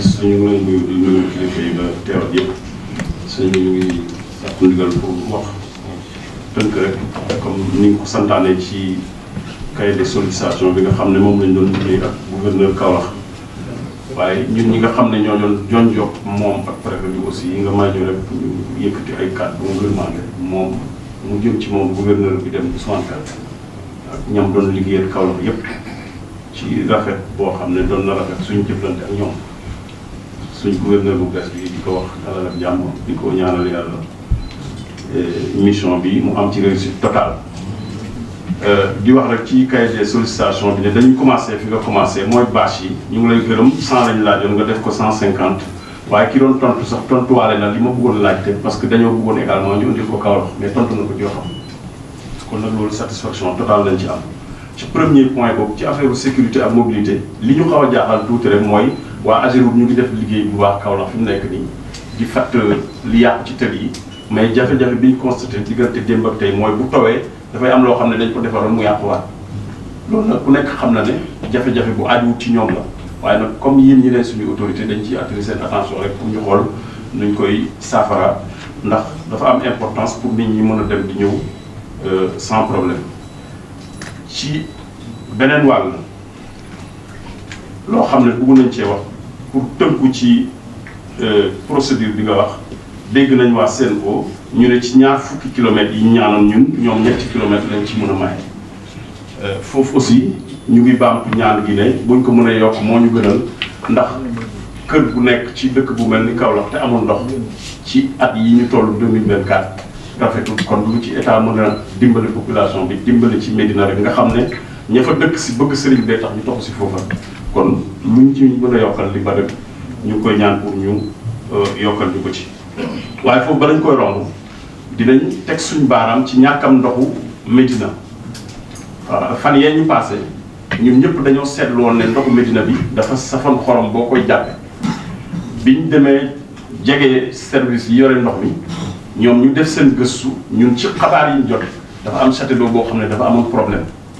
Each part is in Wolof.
ministre ñu ngi leen di nuyu kilifa yi nga teew yëpp sëñ bi ñu ngi sàkku ci cahier de sollicitation bi nga xam ne moom lañ doon liggéey ak gouverneur Kaolack waaye ñun ñi nga xam ne ñoo doon joñ jokk moom ak préfet bi aussi yi nga may ñu rek yëkkati ay kàddu mu demandé moom mu jël ci moom gouverneur bi dem Ousmane ak ñam doon liggéeyal Kaolack yëpp ci rafet boo xam ne doon na rafet suñu jëflante ak ñoom. suñ gouverneur bu bi di ko di ko ñaanal mission bi mu am ci totale euh, di wax rek ci bi dañu commencé fi nga commencé ñu 100 nga def 150 ki doon sax na li ma bëggoon parce que bëggoon également ñu ko mais satisfaction totale lañ ci am. ci premier point boobu ci affaire sécurité ak mobilité li ñu xaw jaaxal wa Ageroute ñu ngi def liggéey bu baax Kaolack fi nekk nii di fatt li yàqu ci tël yi mais jafé jafe bi ñu constaté diggante démb ak tey mooy bu tawee dafay am loo xam ne dañ ko defaroon mu yàquwaat loolu nag ku nekk xam na ne jafe-jafe bu ajuwut ci ñoom la waaye nag comme yéen ñi leen suñu autorité dañ ciy attirer seen attention rek pour ñu xool nuñ koy saafara ndax dafa am importance pour nit ñi mën dem di ñëw euh, sans problème ci beneen wàll loo xam ne bëgg nañ cee wax pour tënku ci euh, procédure bi nga wax dégg nañ waa SEN'EAU ñu ne ci ñaar fukki kilomètres yi ñaanoon ñun ñoom ñetti kilomètres lañ ci mën a maye. Euh, foofu si ñu ngi baamtu ñaan gi buñ ko mën a yokk moo ñu gënal ndax kër bu nekk ci dëkk bu mel ni Kaolack te amul ndox ci at yi ñu toll 2024 rafetul kon lu ci état mën a dimbali population bi dimbali ci Médina rek nga xam ne ña fa dëkk si bëgg sëriñ bee tax ñu tox si foofa. kon ñu ci mën a yokkal li bari ñu koy ñaan pour ñu euh, yokkal ñu ko ci waaye foofu balañ koy romb dinañ teg suñ baaraam ci ñàkkam ndoxu Médina euh, fan yee ñu passé ñun ñëpp dañoo seetlu woon ne ndoxu Médina bi dafa safan xorom boo koy jàppe biñ demee jege service yi yore ndox mi ñoom ñu def seen gëstu ñun ci xabaar yi ñu jot dafa am château boo xam ne dafa amoon problème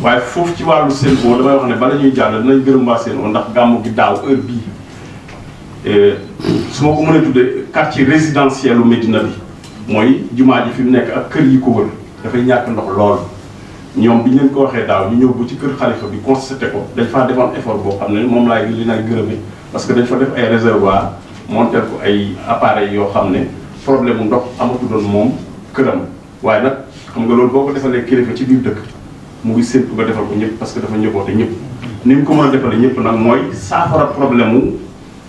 waaye foofu ci wàllu Sen'Eau damay wax ne bala ñuy jàll dinañ gërëm waa Sen'Eau ndax gàmmu gi daaw heure bii eh, su ma ko mënee tuddee quartier résidentiel u Médina bi mooy jumaa ji fi mu nekk ak kër yi ko wër dafay ñàkk ndox lool ñoom bi ñu ko waxee daaw ñu ñëw bu ci kër xalifa bi constaté ko dañ faa defoon effort boo xam ne moom laay li naay gërëme parce que dañ fa def ay réservoir monter ko ay appareil yoo xam ne problème mu ndox amatu doon moom këram waaye nag xam nga loolu boo ko defalee kilifa ci biir dëkk mu ngi séntu ba defal ko ñëpp parce que dafa njëkkoon te ñëpp ni mu ko mën a defalee ñëpp nag mooy saafara problème mu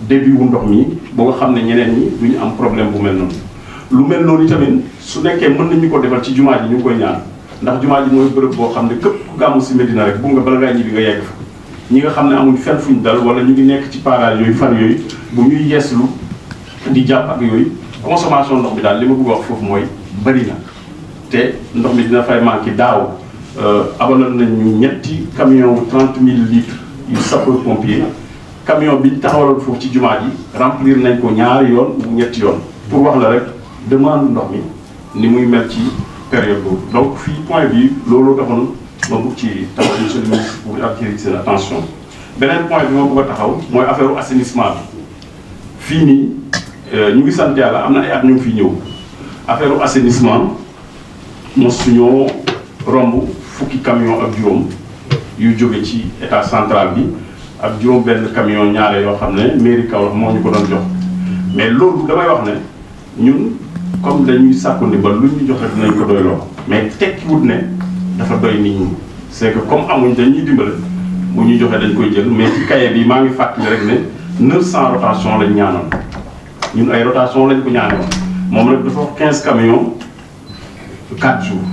début wu ndox mi boo nga xam ne ñeneen ñi du ñu am problème bu mel noonu. lu mel noonu tamit su nekkee mën ñu ko defal ci jumaa ji ñu ngi koy ñaan ndax jumaa ji mooy bërëb boo xam ne képp ku gàmmu si Medina rek bu nga bala ngaa nga yegg fa ñi nga xam ne amuñ fenn fuñ dal wala ñu ngi nekk ci parage yooyu fan yooyu bu ñuy yeeslu di jàpp yooyu consommation ndox bi li ma bëgg wax foofu mooy bëri ndox mi dina fay manqué daaw Euh, abaloon nañu ñetti camion trente mille litres yu sapeur pompier camion bi ñu taxawaloon foofu ci jumaa remplir nañ ko ñaari yoon ñetti yoon pour wax la rek demande ndox mi ni muy mel période donc fii point bi loolu taxoon ma bëgg ci taxaw monsieur le ministre pour attirer seen attention beneen point bi ma bëgg a taxaw mooy affaire assainissement bi fii nii euh, ñu ngi sant yàlla am na ay at ñu fi ñëw affaire assainissement mos ñoo romb fukki camion ak juróom yu jóge ci état central bi ak juróom benn camion ñaare yoo xam ne mairie Kaolack moo ko doon jox mais loolu damay comme dañuy sàkku ni ba lu ñu joxe dinañ ko doy loo mais tekkiwut ne dafa doy nit ñi comme amuñ dañuy dimbale bu ñu joxe dañ koy jël mais ci cahier bi maa ngi fàttali rek ne 900 rotation lañ ñaanoon ñun ay rotation lañ ko ñaanoon moom nag dafa quinze camions 4 jours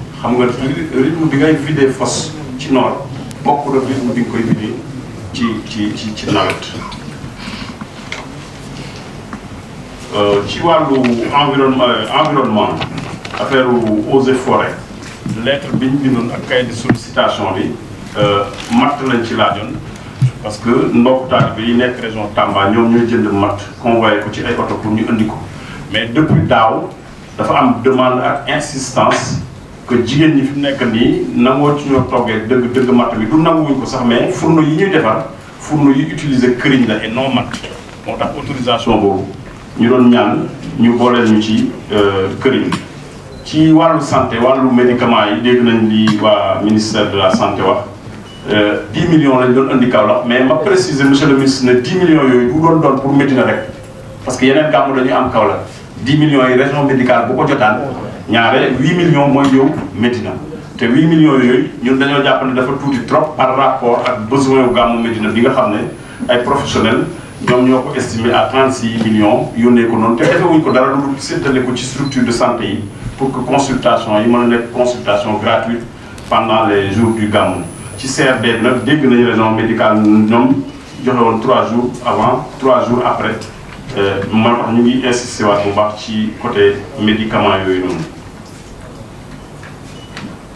xam nga rythme bi ngay vidé fos ci nord bokkul ak rythme bi nga koy vidé ci ci ci ci nawet euh, ci walu environnement environnement affaire aux et lettre bi ñu ak cahier de sollicitation bi euh, mat lañ ci laajoon parce que ndokk taal bi nek nekk région Tamba ñom ñooy jënd mat convoyé ko ci ay oto pour ñu indi ko mais depuis daaw dafa am demande ak insistance que jigéen ñi fi mu nekk nii nangoo ci ñoo toggee dëgg dëgg matt bi du nanguwuñ ko sax mais fourneau yi ñuy defar fourneau yi utiliser këriñ la et non matt moo tax autorisation boobu ñu doon ñaan ñu booleel ñu ci euh, këriñ ci wàllu santé wàllu médicament yi dégg nañ di waa ministère de la santé wax 10 euh, millions lañ doon indi Kaolack mais ma préciser monsieur le ministre ne 10 millions yooyu du doon doon pour Médina rek parce que yeneen gàmmu dañuy am Kaolack 10 millions yi région médicale bu ñaare 8 millions moy ñëw Medina té 8 millions yoy ñun dañu jàpp dafa touti trop par rapport ak besoin wu gàmmu Medina bi nga xamné ay professionnels ñom ñoko estimé à 36 millions yone ko noonu te defewuñ ko dara lu dul ko ci structure de santé yi pour que consultation yi mëna a consultation gratuite pendant les jours du gamu ci CRD nag dégg nañu raison médicale ñom joxé won 3 jours avant 3 jours après euh, moo wax ñu ngi insister waat bu baax ci côté médicament yoy noonu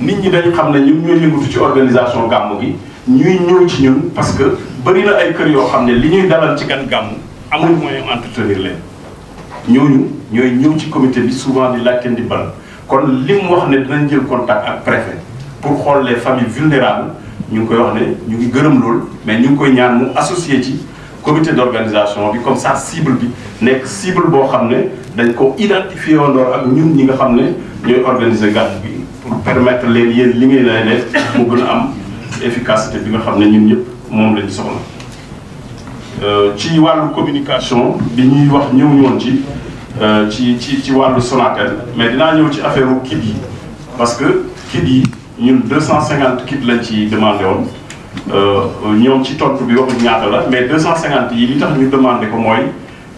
nit ñi dañ xam ne ñun ñooy yëngatu ci organisation gàmm gi ñuy ñëw ci ñun parce que bëri na ay kër yoo xam ne li ñuy dalal ci gan gàmm amul moyen entretenir leen ñooñu ñooy ñëw ci comité bi souvent di laajte ndimbal kon li mu wax ne dinañ jël contact ak préfet pour xool les familles vulnérables ñu ngi koy wax ne ñu ngi gërëm lool mais ñu ngi koy ñaan mu associé ci comité d'organisation bi comme ça cible bi nekk cible boo xam ne dañ ko identifié woon ak ñun ñi nga xam ne ñooy organiser gàmm gi pour permettre les liens liés à l'ANF pour que de la n'est Si mon blé son nom. la communication, tu y vois New Yonji, tu y vois le sonatel. mais il y a une parce que qui dit une a 250 kits qui demandent. Nous avons dit que nous avons mais 250 kits, nous avons demandé que moi,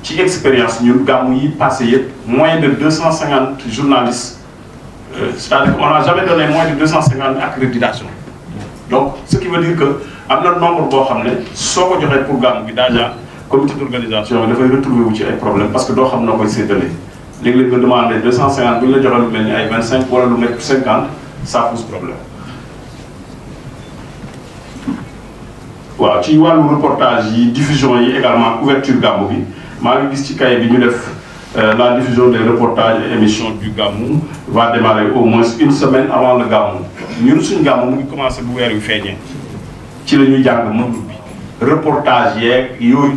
qui expérience nous avons passé moins de 250 journalistes c'est-à-dire qu'on n'a jamais donné moins de 250 accréditations. Donc, ce qui veut dire que, à notre nombre boo xam ne soo programme bi déjà comité d'organisation peut pas retrouver un problème parce que nous avons noo koy de L'église les demander 250 bu ñu la 25 wala 50 ça pose problème. voilà tu vois le reportage diffusion également ouverture de bi mobile gis ci kay euh, la diffusion des reportages et émissions du Gamou va démarrer au moins une semaine avant le Gamou Nous, Gamou reportage hier, nous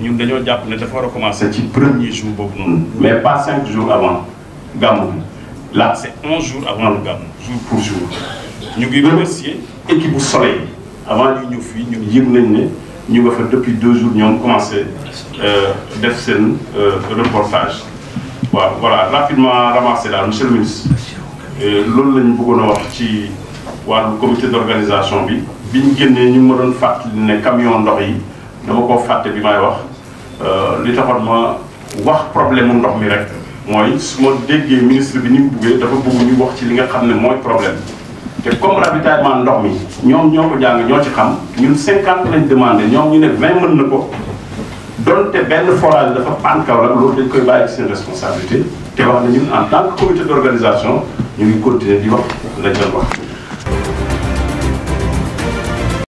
Nous premier jour mm. mais pas cinq jours avant Gamou là c'est un jours avant le Gamou jour pour jour nous ngi remercier soleil avant nous, nous nous avons fait depuis deux jours avons commencé euh, euh, reportage voilà rapidement ramassé là, monsieur le ministre euh, comité d'organisation Nous avons fait ñu camion ndox yi dama bi problème ministre problème te comme ravitaillement ndox mi ñoom ñoo ko jàng ñoo ci xam ñun cinquante lañ demandé ñoom ñu ne vingt mën na ko donte benn forage dafa paan kaw loolu dañ koy bàyyi ci seen responsabilité te wax na ñun en tant que comité organisation ñu ngi continuer di wax lañ doon wax.